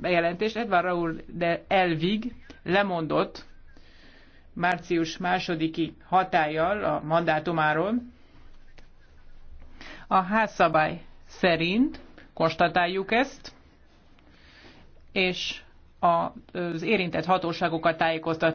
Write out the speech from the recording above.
bejelentést. Edvard Raúl de Elvig lemondott március másodiki hatállyal a mandátumáról. A házszabály szerint konstatáljuk ezt, és az érintett hatóságokat tájékoztat.